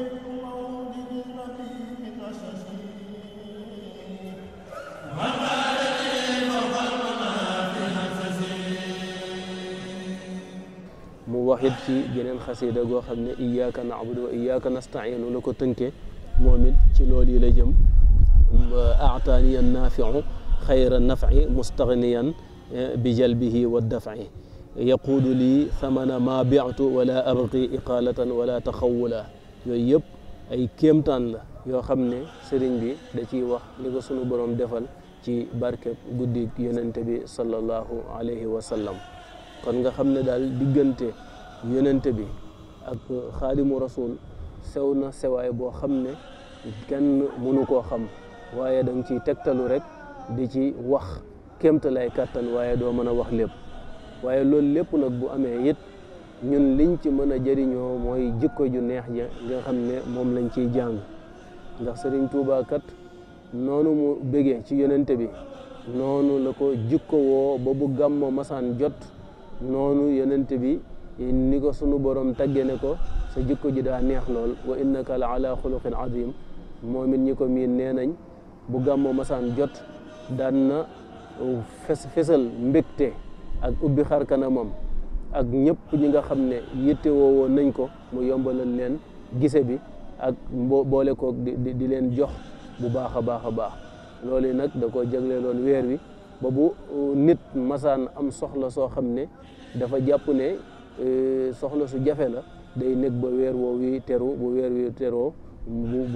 mu wax it ci geneen xasida goo xam ne iyaaka naabudu wa iyaaka nastainu la ko tënke moom it ci loolu yi la jëm aataaniyan naafiu xayra nafi mustaxniyan eh, bi jalbihi wa dafi yaquudu lii samana ma biatu wala abqi iqaalatan wala taxawula yooyu yëpp ay kéemtaan la yoo xam ne sëriñ bi da ciy wax li ko sunu borom defal ci barket guddi yonente bi sallallahu alayhi wa sallam kon nga xam ne daal diggante yonente bi ak xaadimu rasul sew na sewaay boo xam ne kenn mënu koo xam waaye da nga ciy tegtalu rek di ci wax kéemtalaay kàttan waaye doo mën a wax lépp waaye loolu lépp nag bu amee it ñun liñ ci mën a jëriñoo mooy jikko ju neex ja nga xam ne moom lañ ciy jàng ndax Sëriñ Tuubaa kat noonu mu bëggee ci yonente bi noonu la ko jikko woo ba bu gàmmo masaan jot noonu yonente bi ni ko sunu borom tagge ne ko sa jikko ji daa neex lool wa innaka la ala xuluqin azim moom ñi ko miin nee nañ bu gàmmo masaan jot daan na fes fesal mbégte ak ubbi xar kanamam ak ñëpp ñi nga xam ne yittewoo woon nañ ko mu yombalal leen gise bi ak mbo boole koog di di leen jox bu baax a baax a baax loolu nag da koo jagleeloon weer wi ba bu uh, nit masaan am soxla soo xam ne dafa jàpp ne uh, soxla su jafe la day nekk ba weer woo wi teru bu weer wi teroo mu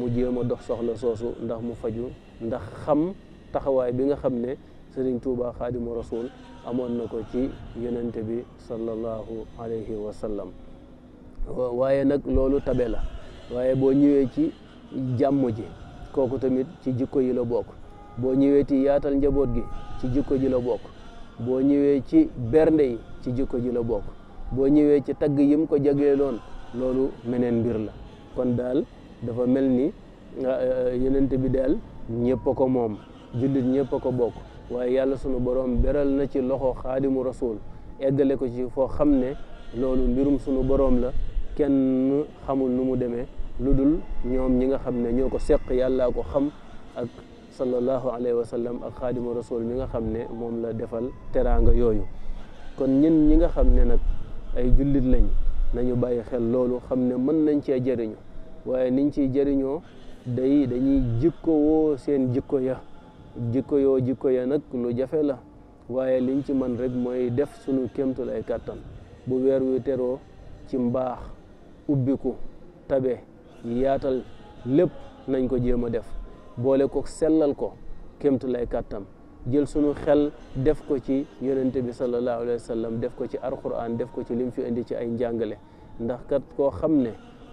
mu jéem a dox soxla soosu ndax mu faju ndax xam taxawaay bi nga xam ne Sëriñ Tuubaa di Rasuul amoon na ko ci yonente bi sallallahu alayhi wa waaye nag loolu tabe la waaye boo ñëwee ci jàmm ji kooku tamit ci jikko yi la bokk boo ñëwee ci yaatal njaboot gi ci jikko ji la bokk boo ñëwee ci bernde ci jikko ji bokk boo ñëwee ci tagg yi mu ko jagleeloon loolu meneen mbir la kon daal dafa mel ni ah, ah, yonente bi daal ñëpp ko moom jullit ñëpp ko bokk waaye yàlla sunu borom beral na ci loxo xaadimu rasul eggale ko ci foo xam ne loolu mbirum sunu borom la kenn xamul nu mu demee lu dul ñoom ñi nga xam ne ñoo ko seq yàlla ko xam ak sallallahu alayhi wa sallam ak xaadimu rasul mi nga xam ne moom la defal teraanga yooyu kon ñun ñi nga xam ne nag ay jullit lañ nañu bàyyi xel loolu xam ne mën nañ cee jëriñu waaye niñ ci jariñoo day dañuy jikkowoo seen jikko ya jikko yoo jikko ya nag lu jafe la waaye liñ ci man rek mooy def sunu kéemtulay kattan bu weer wi teroo ci mbaax ubbiku tabe yaatal lépp nañ ko jéem a def boole ko sellal ko kéemtulay kàttan jël sunu xel def ko ci yonente bi sallallahu alayhi wa def ko ci alquran def ko ci lim fi indi ci ay njàngale ndax kat koo xam ne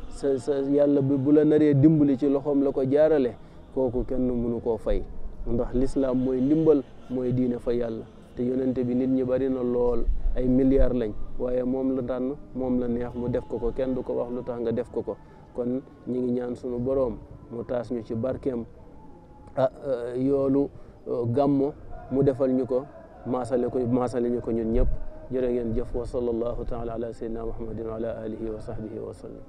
sa sa yàlla bu la naree dimbali ci loxoom la ko jaarale kooku kenn mënu koo fay ndax lislaam mooy ndimbal mooy diine fa yàlla te yonente bi nit ñi bari na lool ay milliards lañ waaye moom la tànn moom la neex mu def ko ko kenn du ko wax lu tax nga def ko ko kon ñi ngi ñaan sunu boroom mu taas ñu ci barkeem ah eh, yoolu eh, gàmmo mu defal ñu ko maasale ko maasale ñu ko ñun ñëpp jërë ngeen jëf wa sallallahu taala ala sayyidina muhammadin wa ala alihi wa sahbihi wa sallam